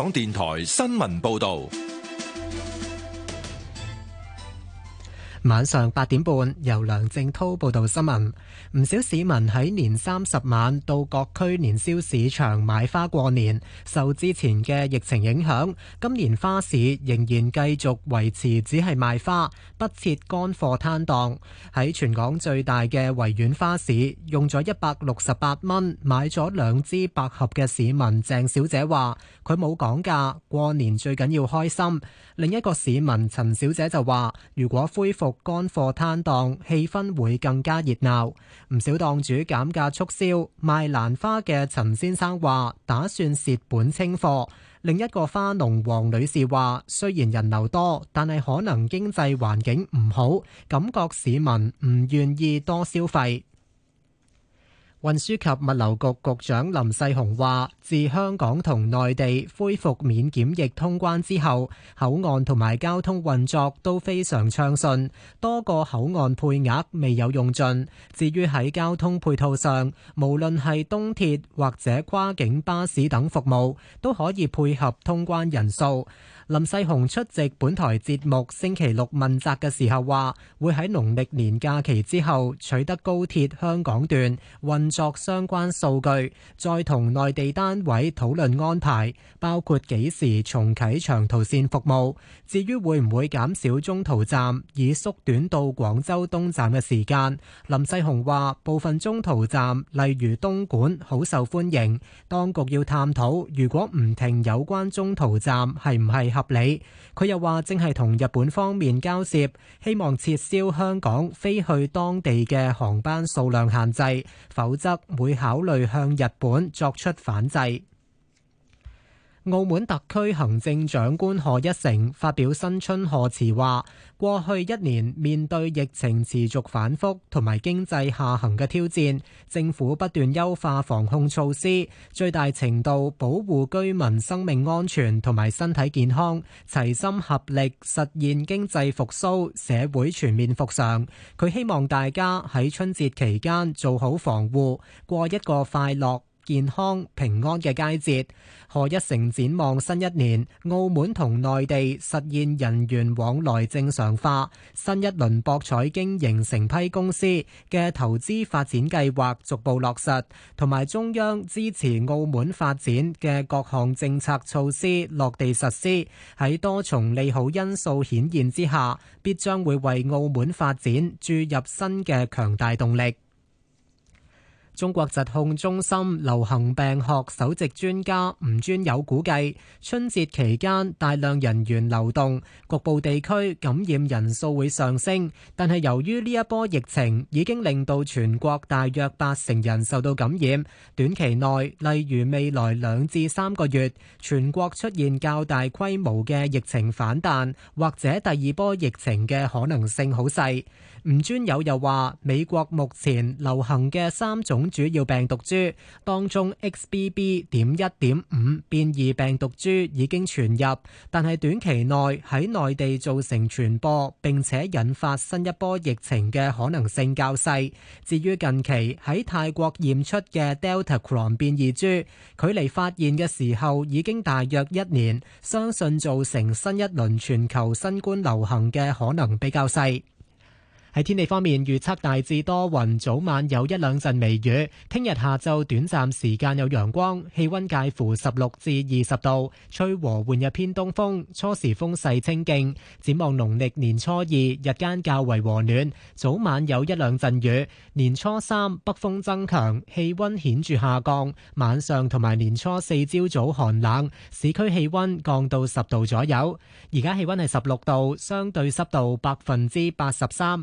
港電台新聞報道。晚上八點半，由梁正濤報道新聞。唔少市民喺年三十晚到各區年宵市場買花過年。受之前嘅疫情影響，今年花市仍然繼續維持，只係賣花，不設乾貨攤檔。喺全港最大嘅維園花市，用咗一百六十八蚊買咗兩支百合嘅市民鄭小姐話，佢冇講價，過年最緊要開心。另一個市民陳小姐就話，如果恢復。乾貨攤檔氣氛會更加熱鬧。唔少檔主減價促銷賣蘭花嘅陳先生話，打算蝕本清貨。另一個花農黃女士話，雖然人流多，但係可能經濟環境唔好，感覺市民唔願意多消費。運輸及物流局局長林世雄話，自香港同內地恢復免檢疫通關之後，口岸同埋交通運作都非常暢順，多個口岸配額未有用盡。至於喺交通配套上，無論係東鐵或者跨境巴士等服務，都可以配合通關人數。林世雄出席本台節目星期六問責嘅時候話，會喺農曆年假期之後取得高鐵香港段運作相關數據，再同內地單位討論安排，包括幾時重啟長途線服務，至於會唔會減少中途站以縮短到廣州東站嘅時間，林世雄話部分中途站例如東莞好受歡迎，當局要探討如果唔停有關中途站係唔係。合理，佢又話正係同日本方面交涉，希望撤銷香港飛去當地嘅航班數量限制，否則會考慮向日本作出反制。澳門特區行政長官賀一誠發表新春賀詞話：過去一年面對疫情持續反覆同埋經濟下行嘅挑戰，政府不斷優化防控措施，最大程度保護居民生命安全同埋身體健康，齊心合力實現經濟復蘇、社會全面復常。佢希望大家喺春節期間做好防護，過一個快樂。健康平安嘅佳節，何一成展望新一年，澳門同內地實現人員往來正常化，新一輪博彩經營承批公司嘅投資發展計劃逐步落實，同埋中央支持澳門發展嘅各項政策措施落地實施。喺多重利好因素顯現之下，必將會為澳門發展注入新嘅強大動力。中國疾控中心流行病學首席專家吳尊友估計，春節期間大量人員流動，局部地區感染人數會上升。但係由於呢一波疫情已經令到全國大約八成人受到感染，短期內，例如未來兩至三個月，全國出現較大規模嘅疫情反彈或者第二波疫情嘅可能性好細。吳尊友又話，美國目前流行嘅三種主要病毒株當中，XBB 點一點五變異病毒株已經傳入，但係短期內喺內地造成傳播並且引發新一波疫情嘅可能性較細。至於近期喺泰國驗出嘅 Delta Cron 變異株，距離發現嘅時候已經大約一年，相信造成新一輪全球新冠流行嘅可能比較細。喺天氣方面，預測大致多雲，早晚有一兩陣微雨。聽日下晝短暫時間有陽光，氣溫介乎十六至二十度，吹和緩日偏東風，初時風勢清勁。展望農曆年初二，日間較為和暖，早晚有一兩陣雨。年初三北風增強，氣溫顯著下降，晚上同埋年初四朝早寒冷，市區氣温降到十度左右。而家氣温係十六度，相對濕度百分之八十三。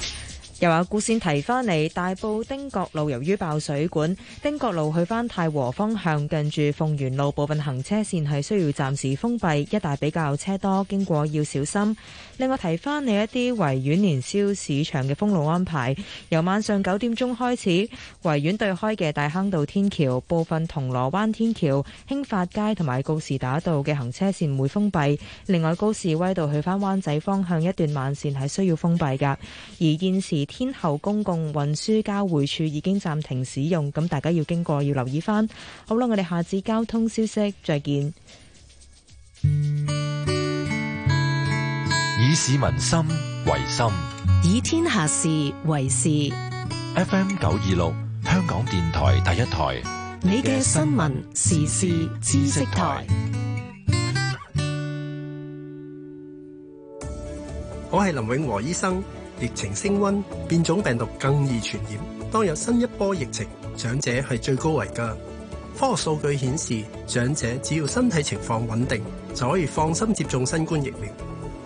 又有股線提翻嚟，大埔丁角路由於爆水管，丁角路去返太和方向，近住鳳園路部分行車線係需要暫時封閉，一帶比較車多，經過要小心。另外提翻你一啲維園年宵市場嘅封路安排，由晚上九點鐘開始，維園對開嘅大坑道天橋部分、銅鑼灣天橋、興發街同埋告士打道嘅行車線會封閉。另外，高士威道去翻灣仔方向一段慢線係需要封閉㗎，而現時，天后公共運輸交匯處已經暫停使用，咁大家要經過要留意翻。好啦，我哋下次交通消息再見。以市民心為心，以天下事為事。FM 九二六，香港電台第一台，你嘅新聞時事知識台。我係林永和醫生。疫情升溫，變種病毒更易傳染。當有新一波疫情，長者係最高危噶。科學數據顯示，長者只要身體情況穩定，就可以放心接種新冠疫苗。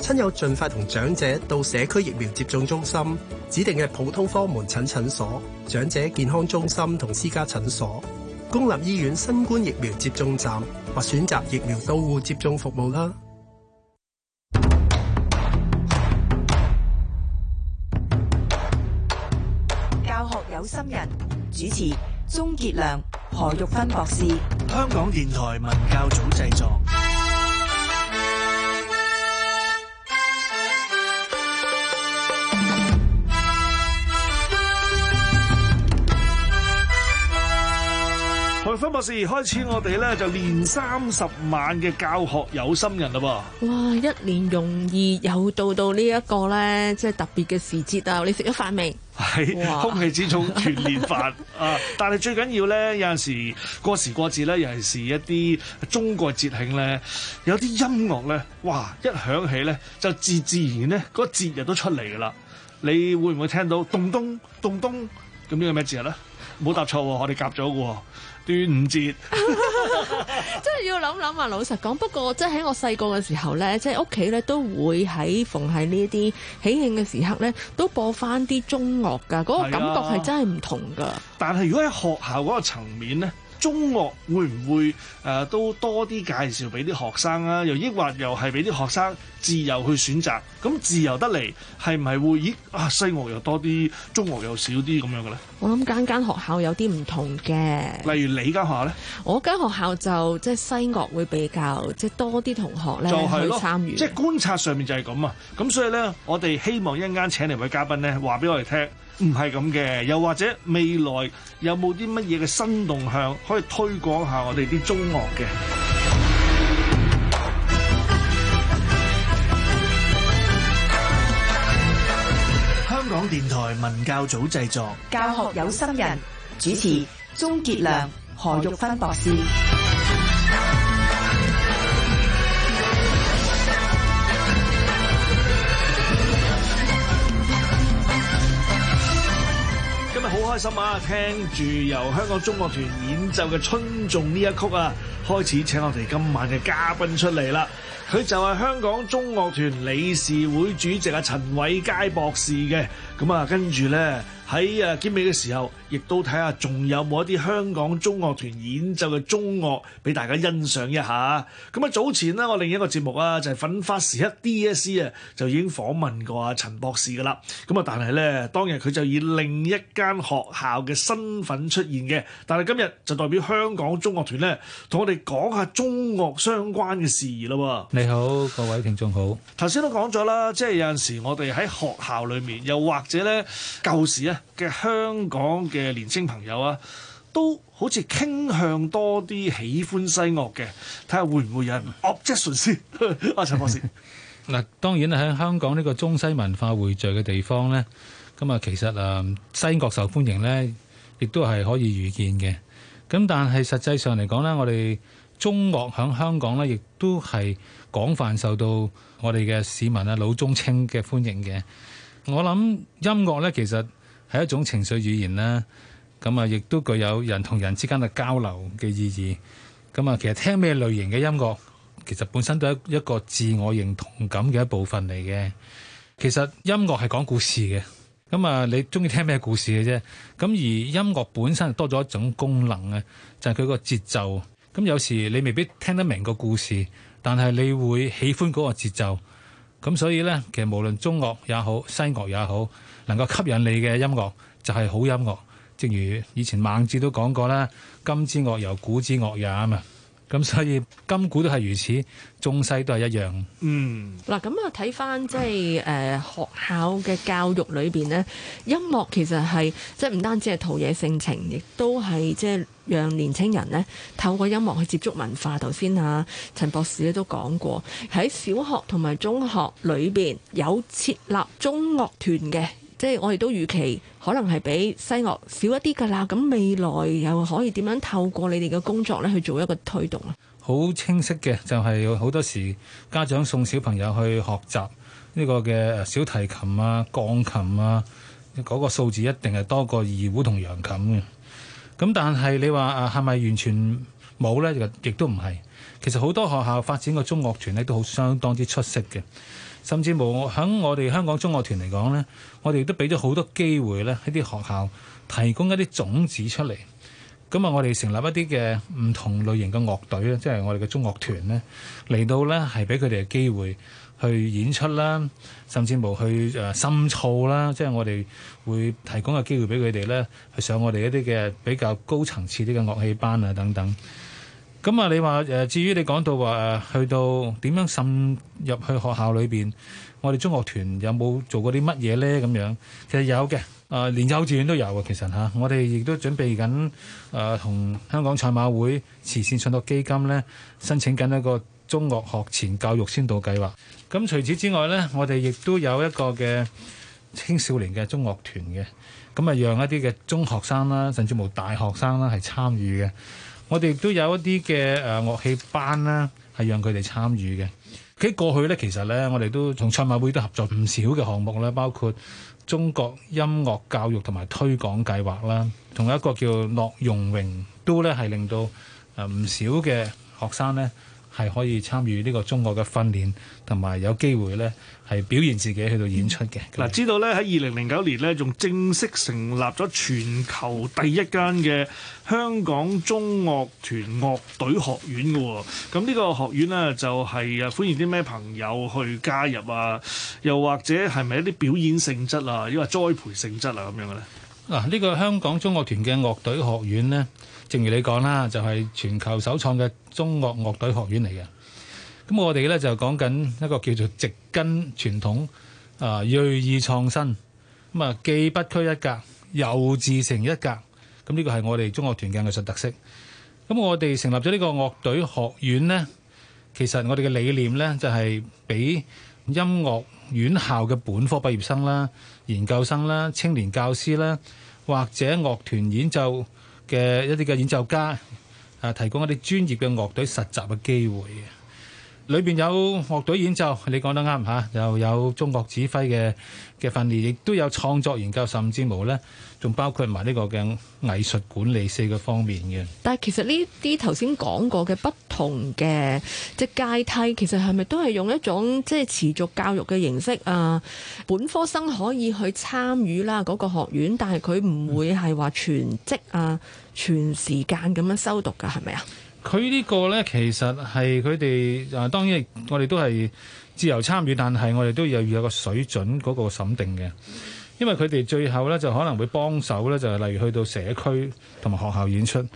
親友盡快同長者到社區疫苗接種中心、指定嘅普通科門診診所、長者健康中心同私家診所、公立醫院新冠疫苗接種站或選擇疫苗到戶接種服務啦。心人主持鍾傑良、何玉芬博，博士，香港電臺文教組製作。嗰時開始，我哋咧就練三十萬嘅教學有心人啦噃。哇！一年容易又到到呢一個咧，即係特別嘅時節啊！你食咗飯未？係 空氣之中團年飯啊！但係最緊要咧，有陣時過時過節咧，尤其是一啲中國節慶咧，有啲音樂咧，哇！一響起咧，就自自然咧，嗰節日都出嚟噶啦。你會唔會聽到咚咚咚咚？咁呢個咩節日咧？冇答錯，我哋夾咗嘅。端午斷節， 真係要諗諗啊！老實講，不過即係喺我細個嘅時候咧，即係屋企咧都會喺逢喺呢一啲喜慶嘅時刻咧，都播翻啲中樂㗎，嗰、嗰個感覺係真係唔同㗎、啊。但係如果喺學校嗰個層面咧？中樂會唔會誒、呃、都多啲介紹俾啲學生啊？又抑或又係俾啲學生自由去選擇？咁自由得嚟係唔係會咦啊西樂又多啲，中樂又少啲咁樣嘅咧？我諗間間學校有啲唔同嘅，例如你間學校咧，我間學校就即係西樂會比較即係多啲同學咧、就是、去參與，即係觀察上面就係咁啊！咁所以咧，我哋希望一陣間請嚟位嘉賓咧，話俾我哋聽。唔係咁嘅，又或者未來有冇啲乜嘢嘅新動向可以推廣下我哋啲中樂嘅？香港電台文教組製作，教學有心人主持，鍾傑良、何玉芬博士。開心啊！聽住由香港中樂團演奏嘅《春頌》呢一曲啊，開始請我哋今晚嘅嘉賓出嚟啦。佢就係香港中樂團理事會主席啊，陳偉佳博士嘅。咁啊，跟住咧喺誒結尾嘅時候，亦都睇下仲有冇一啲香港中樂團演奏嘅中樂俾大家欣賞一下。咁啊，早前咧我另一個節目啊，就係《奮發時刻 DSC》啊，就已經訪問過阿陳博士噶啦。咁啊，但係咧當日佢就以另一間學校嘅身份出現嘅，但係今日就代表香港中樂團咧，同我哋講下中樂相關嘅事宜咯。你好，各位聽眾好。頭先都講咗啦，即係有陣時我哋喺學校裏面又或。或者咧舊時咧嘅香港嘅年青朋友啊，都好似傾向多啲喜歡西樂嘅，睇下會唔會有人 objection 先？阿 陳博士 嗱，當然喺香港呢個中西文化匯聚嘅地方咧，咁啊其實誒西樂受歡迎咧，亦都係可以預見嘅。咁但係實際上嚟講咧，我哋中樂喺香港咧，亦都係廣泛受到我哋嘅市民啊老中青嘅歡迎嘅。我諗音樂咧，其實係一種情緒語言啦，咁啊，亦都具有人同人之間嘅交流嘅意義。咁啊，其實聽咩類型嘅音樂，其實本身都係一個自我認同感嘅一部分嚟嘅。其實音樂係講故事嘅，咁啊，你中意聽咩故事嘅啫？咁而音樂本身多咗一種功能啊，就係佢個節奏。咁有時你未必聽得明個故事，但係你會喜歡嗰個節奏。咁所以咧，其實無論中樂也好，西樂也好，能夠吸引你嘅音樂就係好音樂。正如以前孟子都講過啦，今之樂猶古之樂也啊嘛。咁所以今古都係如此，中西都係一樣。嗯，嗱咁、嗯、啊，睇翻即係誒學校嘅教育裏邊呢，音樂其實係即係唔單止係陶冶性情，亦都係即係讓年青人呢透過音樂去接觸文化。頭先啊，陳博士都講過，喺小學同埋中學裏邊有設立中樂團嘅，即係我哋都預期。可能係比西樂少一啲噶啦，咁未來又可以點樣透過你哋嘅工作呢去做一個推動啊？好清晰嘅就係、是、好多時家長送小朋友去學習呢、這個嘅小提琴啊、鋼琴啊嗰、那個數字一定係多過二胡同揚琴嘅。咁但係你話係咪完全冇呢？亦都唔係。其實好多學校發展個中樂團呢都好相當之出色嘅。甚至乎，我響我哋香港中樂團嚟講呢，我哋都俾咗好多機會呢，喺啲學校提供一啲種子出嚟。咁啊，我哋成立一啲嘅唔同類型嘅樂隊咧，即係我哋嘅中樂團呢嚟到呢係俾佢哋嘅機會去演出啦，甚至乎去誒深造啦。即係我哋會提供嘅機會俾佢哋呢，去上我哋一啲嘅比較高層次啲嘅樂器班啊等等。咁啊，你話，誒、呃，至於你講到話、啊、去到點樣滲入,入去學校裏邊，我哋中樂團有冇做過啲乜嘢咧？咁樣其實有嘅，誒、呃、連幼稚園都有啊。其實吓、啊，我哋亦都準備緊誒、呃，同香港賽馬會慈善信託基金咧，申請緊一個中樂學,學前教育先導計劃。咁除此之外咧，我哋亦都有一個嘅青少年嘅中樂團嘅，咁啊，讓一啲嘅中學生啦，甚至乎大學生啦，係參與嘅。我哋亦都有一啲嘅誒樂器班啦，係讓佢哋參與嘅。喺過去呢，其實呢，我哋都同賽馬會都合作唔少嘅項目啦，包括中國音樂教育同埋推廣計劃啦，同一個叫樂融榮都呢係令到誒唔少嘅學生呢。係可以參與呢個中樂嘅訓練，同埋有機會呢係表現自己去到演出嘅。嗱、嗯，知道呢喺二零零九年呢，仲正式成立咗全球第一間嘅香港中樂團樂隊學院嘅喎、哦。咁呢個學院呢，就係、是、啊歡迎啲咩朋友去加入啊？又或者係咪一啲表演性質啊，抑或栽培性質啊咁樣嘅呢？嗱、啊，呢、這個香港中樂團嘅樂隊學院呢。正如你講啦，就係全球首創嘅中樂樂隊學院嚟嘅。咁我哋咧就講緊一個叫做植根傳統，啊，鋭意創新。咁啊，既不拘一格，又自成一格。咁呢個係我哋中樂團嘅藝術特色。咁我哋成立咗呢個樂隊學院咧，其實我哋嘅理念咧就係俾音樂院校嘅本科畢業生啦、研究生啦、青年教師啦，或者樂團演奏嘅一啲嘅演奏家，啊，提供一啲專業嘅樂隊實習嘅機會，嘅，裏邊有樂隊演奏，你講得啱吓、啊，又有中國指揮嘅嘅訓練，亦都有創作研究，甚至無咧，仲包括埋呢個嘅藝術管理四個方面嘅。但係其實呢啲頭先講過嘅不。同嘅即係階梯，其實係咪都係用一種即係持續教育嘅形式啊？本科生可以去參與啦，嗰個學院，但係佢唔會係話全職啊，全時間咁樣修讀㗎，係咪啊？佢呢個呢，其實係佢哋啊，當然我哋都係自由參與，但係我哋都要有個水準嗰個審定嘅，因為佢哋最後呢，就可能會幫手呢，就係例如去到社區同埋學校演出。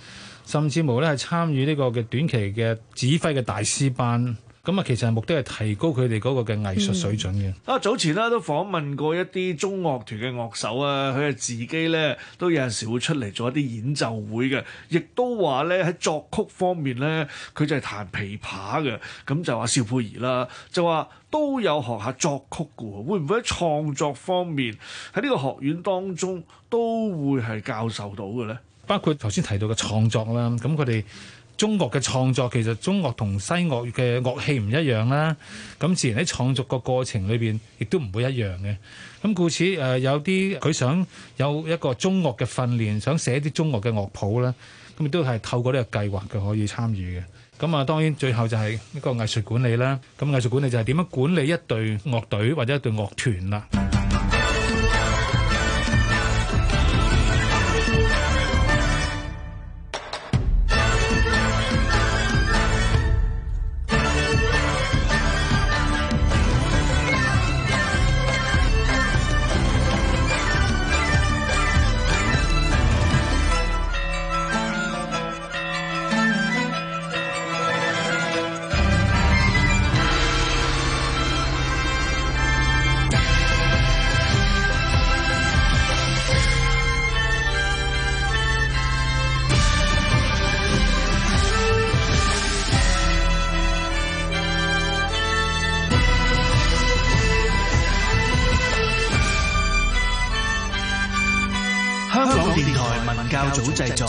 甚至乎咧係參與呢個嘅短期嘅指揮嘅大師班，咁啊其實目的係提高佢哋嗰個嘅藝術水準嘅。啊、嗯，早前咧都訪問過一啲中樂團嘅樂手啊，佢係自己咧都有時會出嚟做一啲演奏會嘅，亦都話咧喺作曲方面咧，佢就係彈琵琶嘅，咁就話邵佩儀啦，就話都有學下作曲嘅，會唔會喺創作方面喺呢個學院當中都會係教授到嘅咧？包括頭先提到嘅創作啦，咁佢哋中樂嘅創作其實中樂同西樂嘅樂器唔一樣啦，咁自然喺創作個過程裏邊亦都唔會一樣嘅。咁故此誒，有啲佢想有一個中樂嘅訓練，想寫啲中樂嘅樂譜啦，咁亦都係透過呢個計劃佢可以參與嘅。咁啊，當然最後就係一個藝術管理啦。咁藝術管理就係點樣管理一隊樂隊或者一隊樂團啦。製作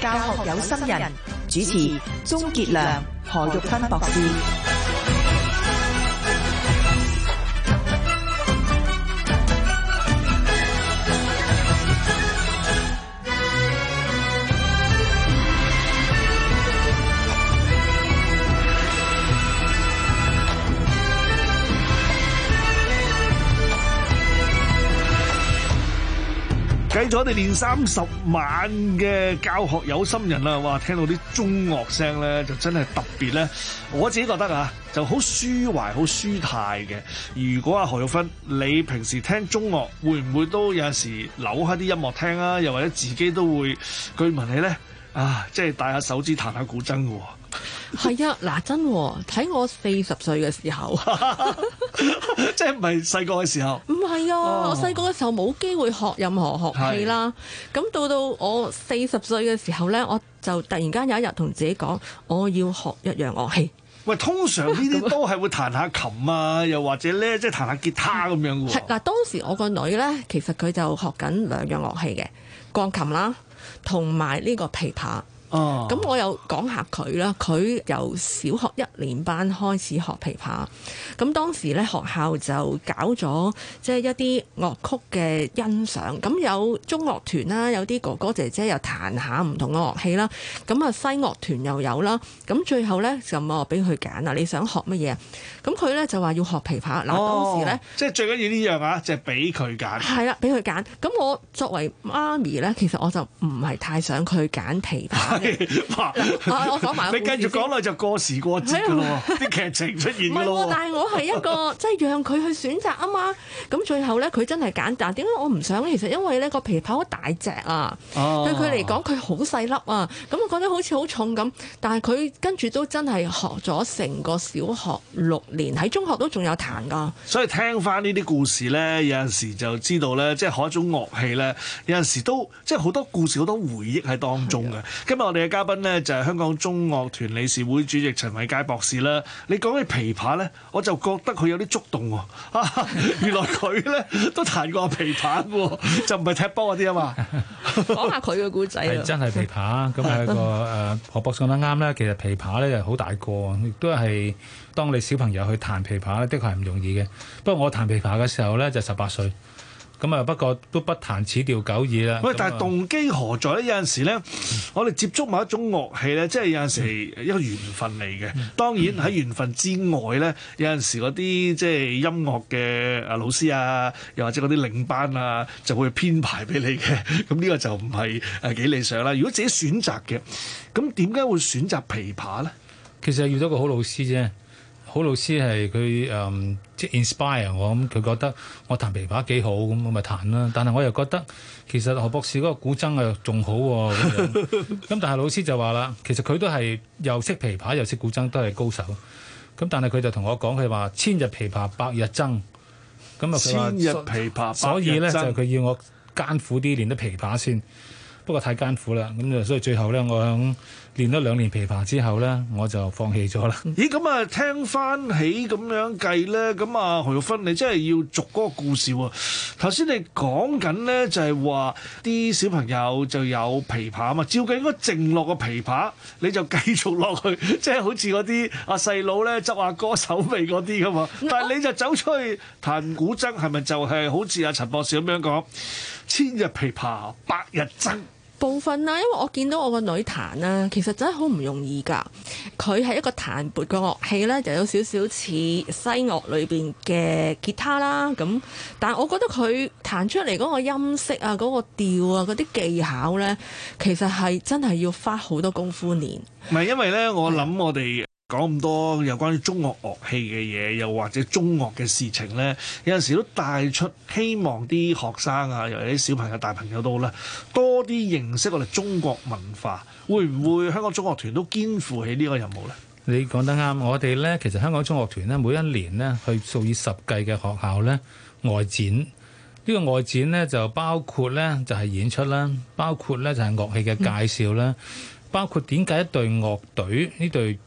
教學有心人，主持鍾杰良、何玉芬博士。持咗，我哋練三十晚嘅教學有心人啦，哇！聽到啲中樂聲咧，就真係特別咧。我自己覺得啊，就好舒懷、好舒泰嘅。如果阿何玉芬，你平時聽中樂會唔會都有時扭下啲音樂聽啊？又或者自己都會，據聞你咧啊，即係戴下手指彈下古箏噶。係啊，嗱，真睇，我四十歲嘅時候，即係唔係細個嘅時候。唔係啊，我細個嘅時候冇機會學任何樂器啦。咁到是到我四十歲嘅時候呢，我就突然間有一日同自己講，我要學一樣樂器。喂，通常呢啲都係會彈下琴啊， 又或者呢，即係彈下吉他咁樣噶。嗱、 啊，當時我個女呢，其實佢就學緊兩樣樂器嘅鋼琴啦，同埋呢個琵琶。哦，咁我又講下佢啦。佢由小學一年班開始學琵琶，咁當時咧學校就搞咗即係一啲樂曲嘅欣賞，咁有中樂團啦，有啲哥哥姐姐又彈下唔同嘅樂器啦，咁啊西樂團又有啦。咁最後咧就我俾佢揀啦，你想學乜嘢？咁佢咧就話要學琵琶。嗱，當時咧、哦，即係最緊要呢樣啊，即係俾佢揀。係啦，俾佢揀。咁我作為媽咪咧，其實我就唔係太想佢揀琵琶。 啊、我講埋，你繼續講落就過時過節㗎啦喎，啲 劇情出現㗎。唔係但係我係一個即係、就是、讓佢去選擇啊嘛。咁最後咧，佢真係揀彈。點解我唔想？其實因為咧個琵琶好大隻啊，對佢嚟講佢好細粒啊。咁、啊、我覺得好似好重咁。但係佢跟住都真係學咗成個小學六年，喺中學都仲有彈㗎。所以聽翻呢啲故事咧，有陣時就知道咧，即係學一種樂器咧，有陣時都即係好多故事好多回憶喺當中嘅。今日。我哋嘅嘉賓咧就係香港中樂團理事會主席陳偉佳博士啦。你講起琵琶咧，我就覺得佢有啲觸動喎。 原來佢咧都彈過琵琶喎，就唔係踢波嗰啲啊嘛。講 下佢嘅故仔 真係琵琶咁啊、那個誒，何博士講得啱啦。其實琵琶咧就好大個，亦都係當你小朋友去彈琵琶咧，的確係唔容易嘅。不過我彈琵琶嘅時候咧就十八歲。咁啊，不過都不彈此調久矣啦。喂，但係動機何在咧？有陣時咧，我哋接觸某一種樂器咧，即係有陣時一個緣分嚟嘅。當然喺緣分之外咧，有陣時嗰啲即係音樂嘅啊老師啊，又或者嗰啲領班啊，就會編排俾你嘅。咁呢個就唔係誒幾理想啦。如果自己選擇嘅，咁點解會選擇琵琶咧？其實係遇到個好老師啫。好老師係佢誒即 inspire 我咁，佢覺得我彈琵琶幾好咁，我咪彈啦。但係我又覺得其實何博士嗰個古箏啊仲好咁。 但係老師就話啦，其實佢都係又識琵琶又識古箏，都係高手。咁但係佢就同我講，佢話千日琵琶百日爭咁啊，千日琵琶日，所以呢，就佢、是、要我艱苦啲練啲琵琶先。不過太艱苦啦，咁就，所以最後呢，我響。練咗兩年琵琶之後咧，我就放棄咗啦。咦？咁、嗯、啊，聽翻起咁樣計咧，咁啊何玉芬，你真係要續嗰個故事喎、啊。頭先你講緊咧就係話啲小朋友就有琵琶啊嘛，照計應該靜落個琵琶，你就繼續落去，即、就、係、是、好似嗰啲阿細佬咧執阿哥手尾嗰啲噶嘛。但係你就走出去彈古箏，係咪就係好似阿陳博士咁樣講，千日琵琶百日爭？部分啦，因為我見到我個女彈啦，其實真係好唔容易噶。佢係一個彈撥個樂器呢，就有少少似西樂裏邊嘅吉他啦。咁，但我覺得佢彈出嚟嗰個音色啊、嗰個調啊、嗰啲技巧呢，其實係真係要花好多功夫練。唔係因為呢，我諗我哋。講咁多有關於中樂樂器嘅嘢，又或者中樂嘅事情呢，有陣時都帶出希望啲學生啊，尤其啲小朋友、大朋友都好啦，多啲認識我哋中國文化，會唔會香港中樂團都肩負起呢個任務呢？你講得啱，我哋呢，其實香港中樂團呢，每一年呢去數以十計嘅學校呢外展，呢、這個外展呢，就包括呢，就係、是、演出啦，包括呢，就係、是、樂器嘅介紹啦，嗯、包括點解一隊樂隊呢隊。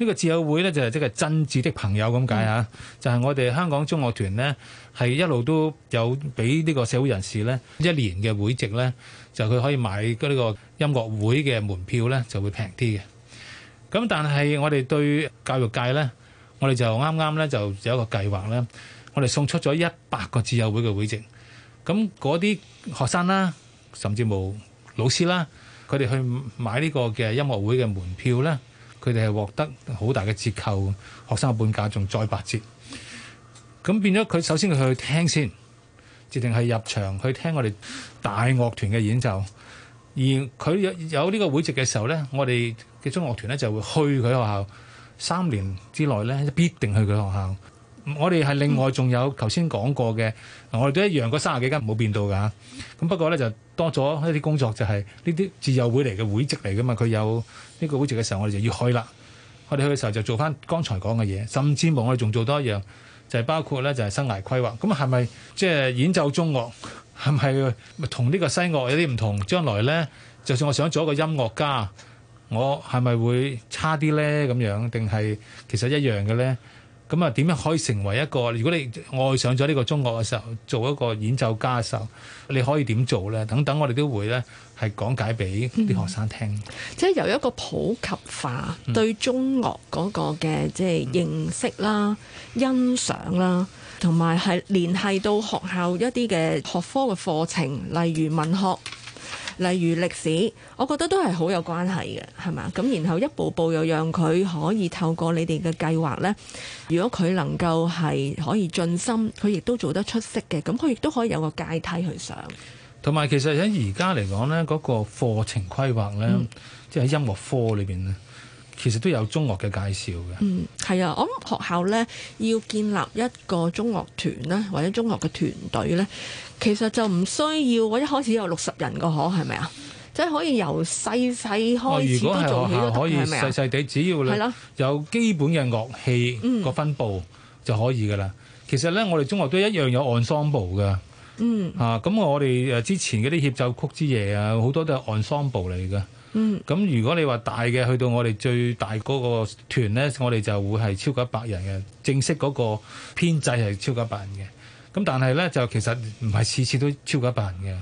呢個摯友會呢，就係即係真摯的朋友咁解吓，就係我哋香港中樂團呢，係一路都有俾呢個社會人士呢一年嘅會籍呢就佢可以買呢個音樂會嘅門票呢，就會平啲嘅。咁但係我哋對教育界呢，我哋就啱啱呢，就有一個計劃呢，我哋送出咗一百個摯友會嘅會籍，咁嗰啲學生啦，甚至冇老師啦，佢哋去買呢個嘅音樂會嘅門票呢。佢哋係獲得好大嘅折扣，學生嘅半價仲再八折，咁變咗佢首先去聽先，決定係入場去聽我哋大樂團嘅演奏。而佢有有呢個會籍嘅時候呢，我哋嘅中樂團呢就會去佢學校三年之內呢，必定去佢學校。我哋係另外仲有頭先講過嘅，嗯、我哋都一樣，嗰三十幾間冇變到㗎。咁不過呢，就多咗一啲工作，就係呢啲自友會嚟嘅會籍嚟㗎嘛，佢有。呢個好節嘅時候，我哋就要去啦。我哋去嘅時候就做翻剛才講嘅嘢，甚至望我哋仲做多一樣，就係、是、包括呢，就係、是、生涯規劃。咁係咪即係演奏中樂係咪同呢個西樂有啲唔同？將來呢，就算我想做一個音樂家，我係咪會差啲呢？咁樣，定係其實一樣嘅呢？咁啊，點樣可以成為一個？如果你愛上咗呢個中樂嘅時候，做一個演奏家嘅時候，你可以點做呢？等等，我哋都會呢，係講解俾啲學生聽。嗯、即係由一個普及化對中樂嗰個嘅即係認識啦、欣賞啦，同埋係聯繫到學校一啲嘅學科嘅課程，例如文學。例如歷史，我覺得都係好有關係嘅，係嘛？咁然後一步步又讓佢可以透過你哋嘅計劃呢。如果佢能夠係可以盡心，佢亦都做得出色嘅，咁佢亦都可以有個階梯去上。同埋其實喺而家嚟講呢，嗰、那個課程規劃呢，嗯、即係音樂科裏邊呢。其實都有中樂嘅介紹嘅。嗯，係啊，我諗學校咧要建立一個中樂團咧，或者中樂嘅團隊咧，其實就唔需要我一開始有六十人個可係咪啊？即係、就是、可以由細細開始都做起個團係咪啊？細細哋，只要你係啦的，有基本嘅樂器個分佈、嗯、就可以㗎啦。其實咧，我哋中樂都一樣有 ensemble 㗎。嗯，嚇咁、啊、我哋之前嗰啲協奏曲之夜啊，好多都係 ensemble 嚟㗎。嗯，咁如果你話大嘅去到我哋最大嗰個團咧，我哋就會係超過一百人嘅，正式嗰個編制係超過一百人嘅。咁但係呢，就其實唔係次次都超過一百人嘅，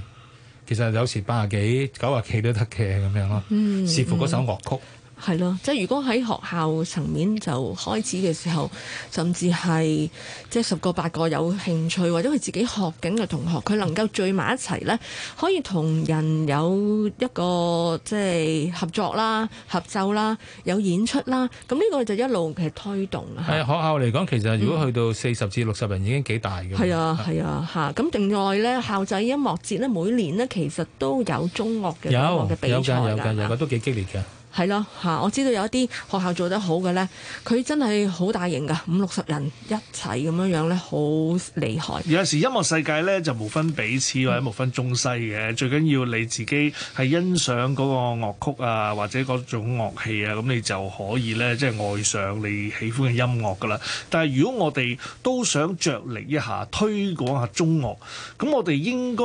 其實有時八十幾、九十幾都得嘅咁樣咯，嗯、視乎嗰首樂曲、嗯。嗯係咯，即係如果喺學校層面就開始嘅時候，甚至係即係十個八個有興趣或者佢自己學緊嘅同學，佢能夠聚埋一齊呢，可以同人有一個即係合作啦、合奏啦、有演出啦。咁呢個就一路其實推動啊。係學校嚟講，其實如果去到四十至六十人已經幾大嘅。係啊、嗯，係啊，嚇，咁另外呢，校際音樂節呢，每年呢其實都有中樂嘅音樂嘅比賽，有，有㗎，有㗎，有㗎都幾激烈嘅。係咯嚇，我知道有一啲學校做得好嘅咧，佢真係好大型㗎，五六十人一齊咁樣樣咧，好厲害。有時音樂世界咧就無分彼此或者無分中西嘅，嗯、最緊要你自己係欣賞嗰個樂曲啊，或者嗰種樂器啊，咁你就可以咧即係愛上你喜歡嘅音樂噶啦。但係如果我哋都想着力一下推廣下中樂，咁我哋應該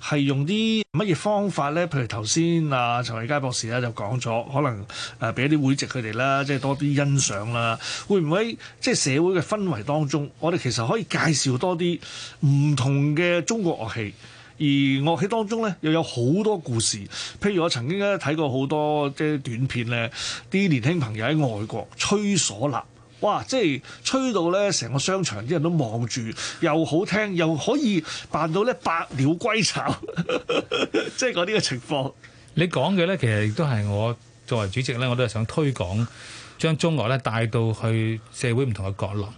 係用啲乜嘢方法咧？譬如頭先啊陳偉佳博士咧就講咗，可能。誒俾一啲會籍佢哋啦，即係多啲欣賞啦。會唔會即係社會嘅氛圍當中，我哋其實可以介紹多啲唔同嘅中國樂器。而樂器當中呢，又有好多故事。譬如我曾經咧睇過好多即係短片呢，啲年輕朋友喺外國吹嗩吶，哇！即係吹到呢成個商場啲人都望住，又好聽，又可以扮到呢百鳥歸巢。即係嗰啲嘅情況。你講嘅呢，其實亦都係我。作為主席咧，我都係想推廣將中樂咧帶到去社會唔同嘅角落。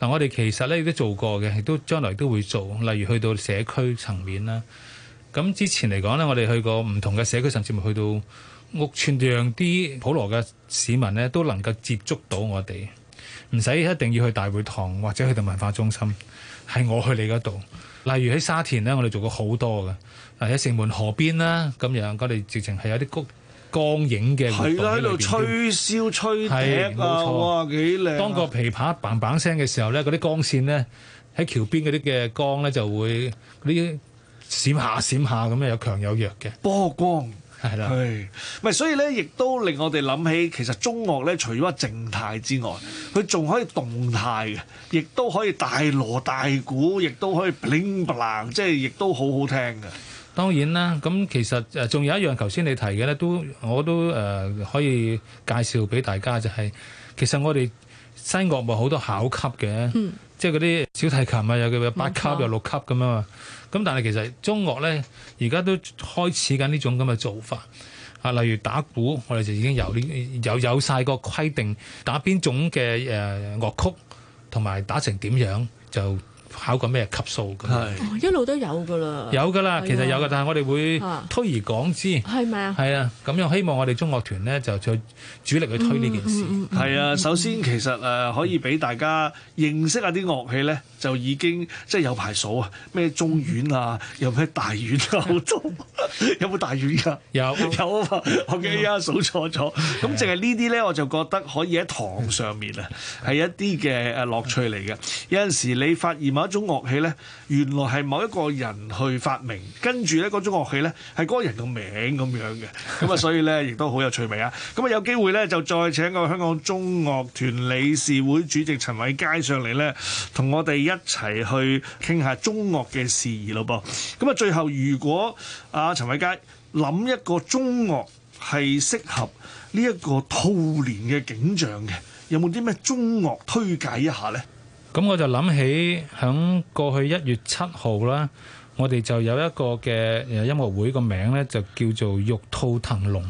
嗱，我哋其實咧亦都做過嘅，亦都將來都會做。例如去到社區層面啦。咁之前嚟講咧，我哋去過唔同嘅社區層次，甚至去到屋邨，讓啲普羅嘅市民咧都能夠接觸到我哋，唔使一定要去大會堂或者去到文化中心，係我去你嗰度。例如喺沙田咧，我哋做過好多嘅。喺城門河邊啦，咁樣我哋直情係有啲谷。光影嘅互動喺度，對吹簫吹笛啊，對錯哇幾靚！啊、當個琵琶棒棒 n 聲嘅時候咧，嗰啲光線咧喺橋邊嗰啲嘅光咧就會嗰啲閃下閃下咁樣，有強有弱嘅波光係啦，係咪了？所以咧，亦都令我哋諗起其實中樂咧，除咗靜態之外，佢仲可以動態嘅，亦都可以大鑼大鼓，亦都可以 ling bang，即係亦都好好聽嘅。當然啦，咁其實誒仲有一樣，頭先你提嘅咧，都我都誒、呃、可以介紹俾大家，就係、是、其實我哋西樂冇好多考級嘅，嗯、即係嗰啲小提琴啊，有佢八級、錯有六級咁啊嘛。咁但係其實中樂咧，而家都開始緊呢種咁嘅做法啊，例如打鼓，我哋就已經有啲有有晒個規定，打邊種嘅誒、呃、樂曲，同埋打成點樣就。考過咩級數㗎是、哦？一路都有噶啦。有噶啦，其實有噶，但係我哋會推而廣之。係咪啊？係啊，咁又希望我哋中樂團咧就再主力去推呢件事。係啊，首先其實誒可以俾大家認識下啲樂器咧，就已經即係有排數啊，咩中阮啊，有咩大阮啊，好多的 有冇大阮㗎、啊？有有啊嘛， 我嘅啱數錯咗。咁淨係呢啲咧，我就覺得可以喺堂上面啊，係一啲嘅誒樂趣嚟嘅。有陣時你發現某，嗰種樂器呢，原來係某一個人去發明，跟住呢，嗰種樂器呢，係嗰個人個名咁樣嘅，咁啊，所以呢，亦都好有趣味啊！咁啊，有機會呢，就再請個香港中樂團理事會主席陳偉佳上嚟呢，同我哋一齊去傾下中樂嘅事宜咯噃。咁啊，最後如果阿陳偉佳諗一個中樂係適合呢一個兔年嘅景象嘅，有冇啲咩中樂推介一下呢？咁我就諗起響過去一月七號啦，我哋就有一個嘅音樂會，個名呢就叫做《玉兔騰龍》。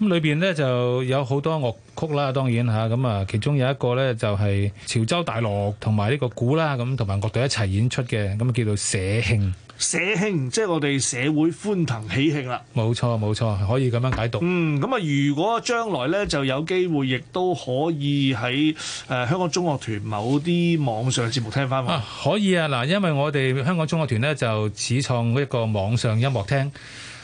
咁裏邊呢就有好多樂曲啦，當然嚇咁啊，其中有一個呢就係潮州大樂同埋呢個鼓啦，咁同埋樂隊一齊演出嘅，咁叫做社慶。社興，即係我哋社會歡騰喜慶啦！冇錯，冇錯，可以咁樣解讀。嗯，咁啊，如果將來呢就有機會，亦都可以喺誒香港中樂團某啲網上節目聽翻，啊，可以啊，嗱，因為我哋香港中樂團呢就始創一個網上音樂廳，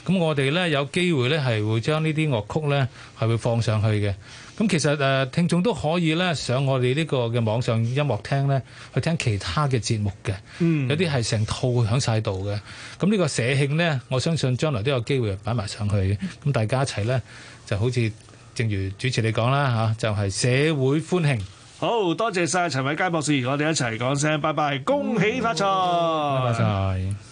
咁我哋呢，有機會呢係會將呢啲樂曲呢係會放上去嘅。咁其實誒，聽眾都可以咧上我哋呢個嘅網上音樂廳咧，去聽其他嘅節目嘅，嗯、有啲係成套響晒度嘅。咁呢個社慶咧，我相信將來都有機會擺埋上去，咁大家一齊咧就好似正如主持你講啦嚇，就係、是、社會歡慶。好多謝晒陳偉佳博士，我哋一齊講聲拜拜，恭喜發財。拜拜。